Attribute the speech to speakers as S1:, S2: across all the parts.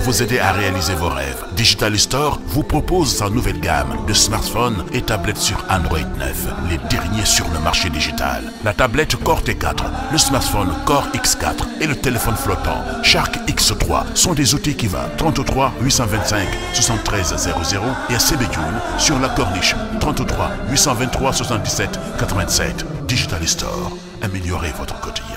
S1: vous aider à réaliser vos rêves. Digital Store vous propose sa nouvelle gamme de smartphones et tablettes sur Android 9, les derniers sur le marché digital. La tablette Core T4, le smartphone Core X4 et le téléphone flottant Shark x sont des outils qui va et à Sébédioune sur la Corniche Digital Store, améliorez votre quotidien.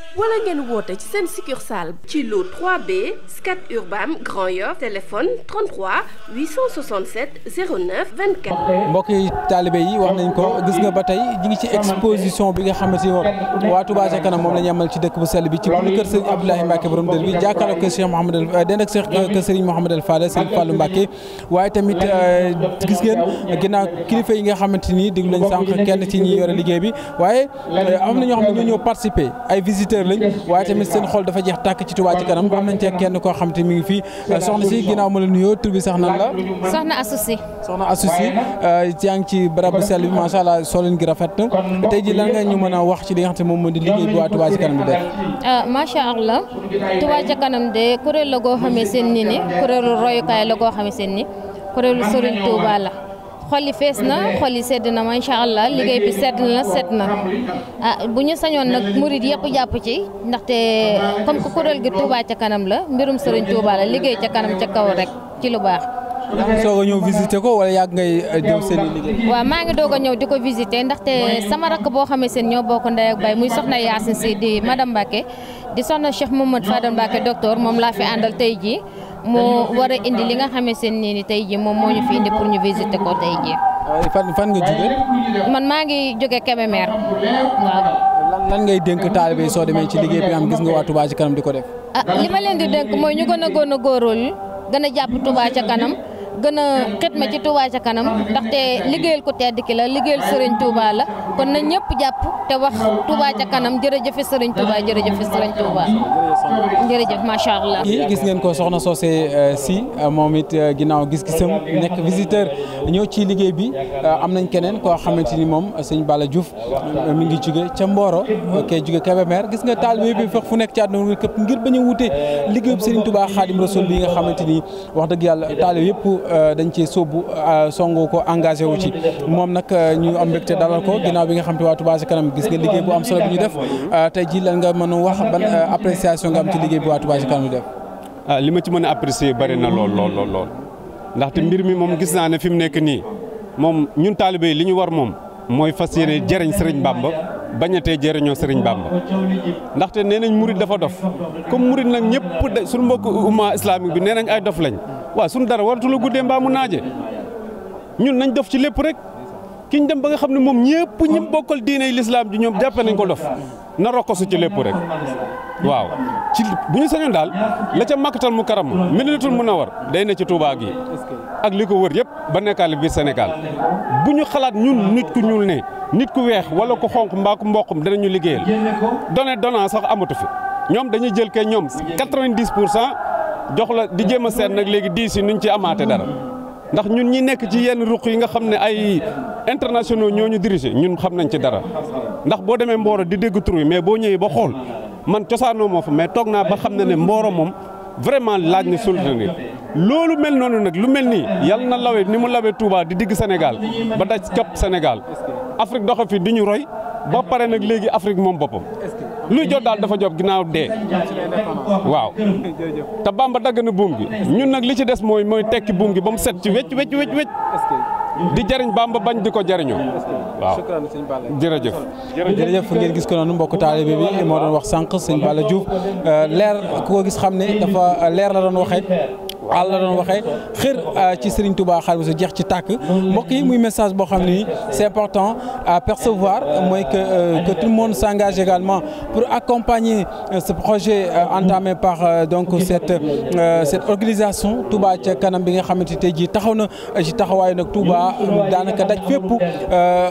S2: wala ngeen woote ci seen succursale ci lu 3B Scat Urbam Grand Yoff téléphone 33 867 09 24.
S1: mbokki taalibe yi wax nañ ko gis nga ba tey ñu ngi ci exposition bi nga xamante ni moom waa Touba ca kanam moom la ñu amal dëkk bu bi ci buñu kër Serigne Abdoulaye Mbacke borom dëkk bi jàkkaarloo kër Cheikh Mouhamed eh, dend ak kër Serigne Mouhamed El waaye tamit eh, gis ngeen ginnaaw kilifa yi nga xamante ni déglu nañ sànq kenn ci ñi yore liggéey bi waaye eh, am na ñoo xam ne ñoo ñëw acteur lañ waaye tamit seen xol dafa jeex tàkk ci Touba ci kanam am nañ ci kenn koo xam te mi ngi fii euh, si ginnaaw ma la nuyoo tur la soxna
S2: Asusi soxna Asusi
S1: euh, ci barabu sell bi macha allah solin a
S2: euh, ci kanam de kuréel la goo xamee seen ni ni kuréelu royukaay la goo xamee seen ni kuréelu Serigne Touba la xol yi fees na xol yi sedd na macha allah liggéey bi sedd na sedd na ah bu ñu sañoon nag murid yëpp jàpp ci ndaxte comme que kuréel gi Touba ca kanam la mbirum Serigne Touba la liggéey ca kanam ca kaw rek ci lu baax. soo ko
S1: ñëw visité ko wala yàgg ngay dem seen i liggéey.
S2: waaw maa ngi doog a ñëw di ko visité ndaxte sama rakk boo xamee seen ñoo bokk ndey ak bay muy soxna Yacine si di madame Mbacke di soxna Cheikh Mohamed Fadel Mbacke docteur moom laa fi àndal tey jii moo war a indi li nga xamee seen nii ni tey jii moom moo ñu fi indi pour ñu visité ko tey jii.
S1: fan fan nga jógee.
S2: man maa ngi jóge Kébémer waaw.
S1: lan lan ngay dénk taalibe soo demee ci liggéey bi nga xam gis nga di ko def.
S2: ah li ma leen gën a xitma ci Touba ca kanam ndaxte liggéeyal ku tedd ki la liggéeyal Serigne Touba la kon na ñëpp jàpp te wax Touba ca kanam jërëjëf Serigne Touba jërëjëf Serigne Touba jërëjëf kii gis
S1: ngeen ko soxna Socé euh, si euh, moom it euh, ginnaaw gis-gisam nekk visiteur ñëw ci liggéey bi am nañ keneen koo xamante ni moom sëñ Bala Diouf mi ngi jóge ca Mboro kee jóge Kébémer gis nga taal bi fex fu nekk ci àdduna wi këpp ngir bañ a wute liggéeyu Serigne Touba Xaadim Rasul nga xamante ni wax dëgg yàlla taal yëpp Euh, dañ ci sóobu euh, songu ko engagé wu ci moom nag euh, ñu am mbégte dalal ko ginnaaw bi nga xam te waa Touba kanam gis nga liggéey bu am solo bi ñu def tey ji lan nga mën wax ban appréciation nga am ci liggéey bi waa Touba ca kanam def
S3: ah, li ma ci mën a apprécier bari na lool lool lool lool
S1: ndaxte mbir mi moom
S3: gis naa ne fi mu nekk nii moom ñun taalibe yi li ñu war moom mooy fas yéene jëriñ Serigne Bamba bañatee jëriñoo Serigne Bamba ndaxte nee nañ murit dafa dof comme murit nag ñëpp suñu mbokk umma islamique bi nee nañ ay dof lañ waaw suñu dara waratu la guddee mbaa mu naaje ñun nañ dof ci lépp rek kiñ ñu dem ba nga xam ne moom ñëpp ñi mbokkal diine yi lislaam ji ñoom jàppe nañ ko dof na rokkosu ci lépp rek waaw ci bu ñu sañoon daal la ca màkkatal mu karam Madinatul Munawwar day ne ci Tuubaa gi ak li ko wër yëpp ba nekkaale biir Sénégal bu ñu xalaat ñun nit ku ñuul ne nit ku weex wala ku xonq mbaa ku mboqum ñu liggéeyal donné donnant sax amatu fi ñoom dañuy jël kay ñoom 90 pour cent jox la di jéem a seet nag léegi diis yi nuñ ci amaate dara ndax ñun ñi nekk ci yenn ruq yi nga xam ne ay internationaux ñoo ñu dirigé ñun xam nañ ci dara ndax boo demee mbooro di dégg tur yi mais boo ñëwee ba xool man cosaanoo moo fa mais toog naa ba xam ne ne mbooro moom vraiment laaj na soutenir loolu mel noonu nag lu mel nii yal na lawe ni mu lawe Touba di digg Sénégal ba daj cap Sénégal Afrique doxe fi di ñu roy ba pare nag léegi Afrique moom boppam. luy jot daal dafa jot ginnaaw dee waaw te Bamba dagg na buum gi ñun nag li ci des mooy mooy tekki buum gi ba mu set ci wecc wecc wecc wecc di jëriñ Bamba bañ di ko jëriñoo waaw jërëjëf
S1: jërëjëf ngeen gis ko noonu mbokk taalibe bi moo doon wax sànq sëñ Balla Diouf leer ku ko gis xam ne dafa leer la doon waxee àll la doon waxee xër euh, ci Serigne Touba xaalis bu jeex ci tàkk mbokk yi muy message boo xam ni nii c'est important à percevoir mooy que euh, que tout le monde s'engage également pour accompagner euh, ce projet entamé par donc cette cette organisation Touba ca kanam bi nga xamante tey jii taxaw na ji taxawaayu nag Touba daanaka daj fépp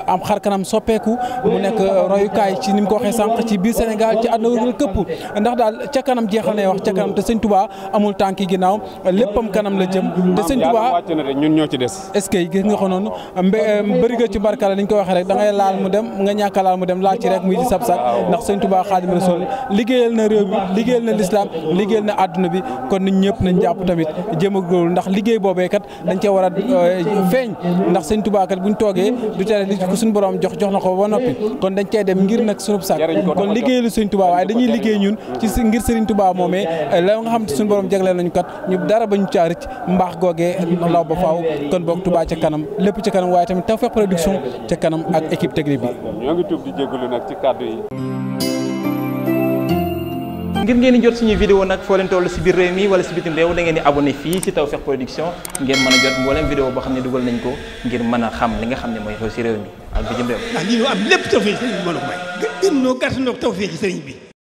S1: am xar kanam soppeeku mu nekk royukaay ci ni mu ko waxee sànq ci biir Sénégal ci àdduna wërngal këpp ndax daal ca kanam jeexal nay wax ca kanam te Serigne Touba amul tànki ginnaaw léppam kanam la jëm te sëñ Tuubaa
S3: wàcc na de ñun ñoo ci
S1: des est-ce que gis nga ko noonu eh, bëri nga rek da ngay laal mu a laal mu dem laal ci di sab sab ndax sëñ Tuubaa Xaadimu liggéeyal na réew mi liggéeyal na lislaam liggéeyal na àdduna bi kon nit ñëpp nañ jàpp tamit jëm a góorlu ndax liggéey boobee kat dañ cee war a eh, feeñ ndax sëñ Tuubaa kat buñ toogee du tere suñu borom jox jox na ko ba noppi kon dañ cee dem ngir nag sunub sàkk kon liggéeyalu sëñ Tuubaa waaye dañuy liggéey ñun ngir sëriñ moomee eh, la nga xam te suñu borom jagleel nañu kat dara ba bañ caa rëcc mbaax googee law ba faaw kon boog kanam lépp ca kanam waaye tamit Tawfekh Production ca kanam ak équipe technique bi.
S3: ñoo ngi tuub di jégalu nag ci kàddu yi. ngir ngeen di jot suñu vidéo nag
S1: foo leen toll si biir réew mi wala si bitim réew da ngeen di abonné fii si Tawfekh Production ngeen mën a jot mboolem vidéo boo
S2: xam ne dugal nañ ko ngir mën a xam li nga xam ne mooy xew si réew mi ak bitim réew. ndax lii am lépp Tawfekh bi mën
S3: a